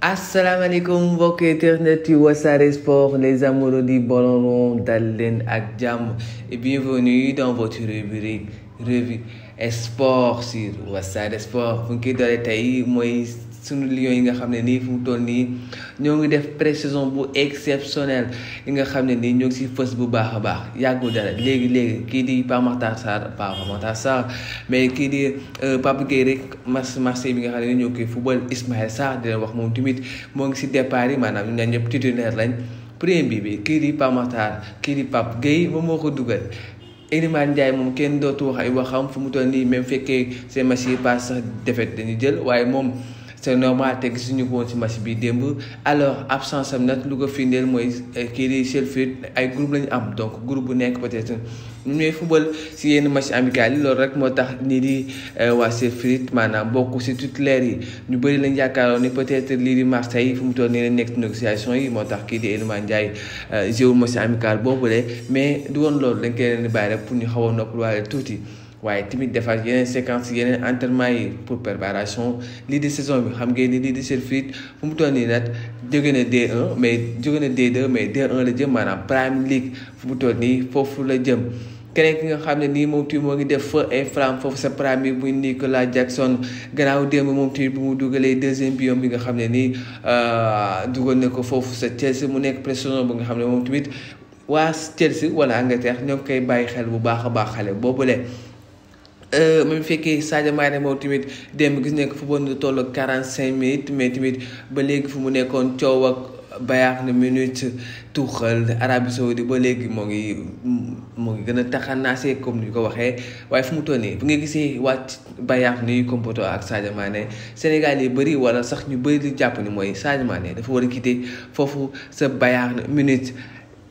assalamu alaikum internet yu Sare sport les amoureux du ballon rond et bienvenue dans votre rubrique revue sport sur sport suñu lion yi nga xam ne nii fu mu toll nii ñoo ngi def pré-saison bu exceptionnel yi nga xam ne nii ñoo ngi si fës bu baax a baax yàggul dara léegi léegi kii di Pape Makhtar Sarr Pape Makhtar Sarr mais kii di euh, Pape Gueye rek mas Marseille bi nga xam ne ñoo koy football Ismaël Sarr di leen wax moom tamit moo ngi si départ yi maanaam ñu ne ñëpp titulaire lañ premier bi bi kii di Pape kii di Pape Gueye moom moo ko dugal. Elimane Ndiaye moom kenn dootu wax ay waxam fu mu toll nii même fekkee seen match yi pass sax défaite dañuy jël waaye moom. c'est normal te gisuñu ko woon si match bi démb alors absence am nag lu ko firndeel mooy eh, kii di Sheffield ay groupe lañu am donc groupe bu nekk peut-être ñu ñooy football si yenn match amical loolu rek moo tax nii di eh, waa Sheffield maanaam bokk si titulaire yi ñu bëri lañ yaakaaroon ni peut-être lii di Marseille fu mu toll nii lañ nekk négociation yi moo tax kii di Iliman Ndiaye eh, jéewul match boobu boobule mais du woon loolu dañ koy leen di rek pour ñu xaw a waaye tuuti. waaye timit defar yeneen séquence yeneen entraînement yi pour préparation lii di saison bi xam ngeen ni lii di Seth Fred fu mu toll nii nag jóge na D1 mais jóge na D2 mais D1 la jëm maanaam Prime League fu mu toll nii foofu la jëm. keneen ki nga xam ne nii moom tamit moo ngi def feu et flam foofu sa prime bi muy Nicolas Jackson gannaaw démb moom tamit bu mu dugalee deuxième biom bi nga xam ne nii euh, dugal na ko foofu sa Chelsea mu nekk pression bi nga xam ne moom tamit waa Chelsea wala Angleterre ñoo ngi koy bàyyi xel bu baax a baax xale boobule. Euh, même fekkee Sadio Mané moom tamit démb gis nañ ko football na toll ak 45 minutes mais tamit ba léegi fu mu nekkoon coow ak Bayern Munich Tuchel Arabie Saoudite ba léegi moo ngi moo ngi gën a taxanaase comme ni ñu ko waxee waaye fu mu toll fu bu nga gisee wàcc Bayern ni compoto ak Sadio Mané Sénégal yi bëri wala sax ñu bëri li jàpp ni mooy Sadio dafa war a quitter foofu sa Bayern Munich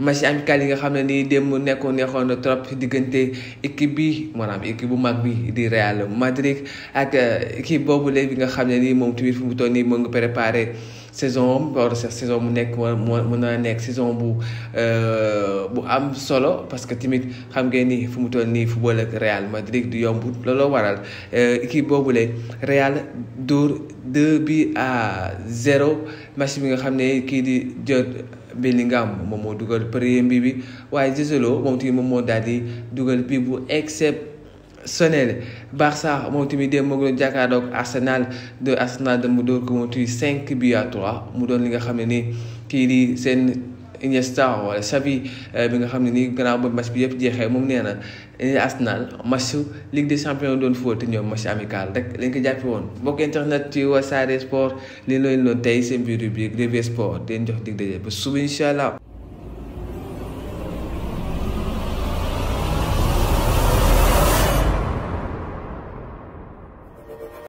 match amical yi nga xam ne nii démb nekkoon neexoon na trop diggante équipe bi maanaam équipe bu mag bi di Real Madrid ak euh, équipe boobu léegi nga xam ne nii moom tamit fu mu toll nii moo nga préparé saison am sax saison mu nekk moo mën naa nekk saison bu euh, bu am solo parce que tamit xam ngeen ni fu mu toll nii football ak Real Madrid di yombu looloo waral euh, équipe boobu léegi Real dóor deux bi à zéro match bi nga xam ne kii di jot. Bellingham moom moo dugal premier bi bi waaye Joselu moom tamit moom moo daal di dugal bii bu except Sonel Barça moom tamit dem moo doon jàkkaarloog Arsenal de Arsenal de mu dóor ko moom tamit 5 bi à 3 mu doon li nga xam ne nii kii seen. Iniesta wala sabi eh, bi nga xam ne nii gannaaw ba match bi yëpp jeexee moom nee na eh, Arsenal match Ligue des champions doon fóoti ñoom match amical rek lañ ko jàppee woon mbokk internet ci Wassare Sport li ñu leen doon tey seen biir rubrique Réveil Sport di jox dig daje ba suba incha allah.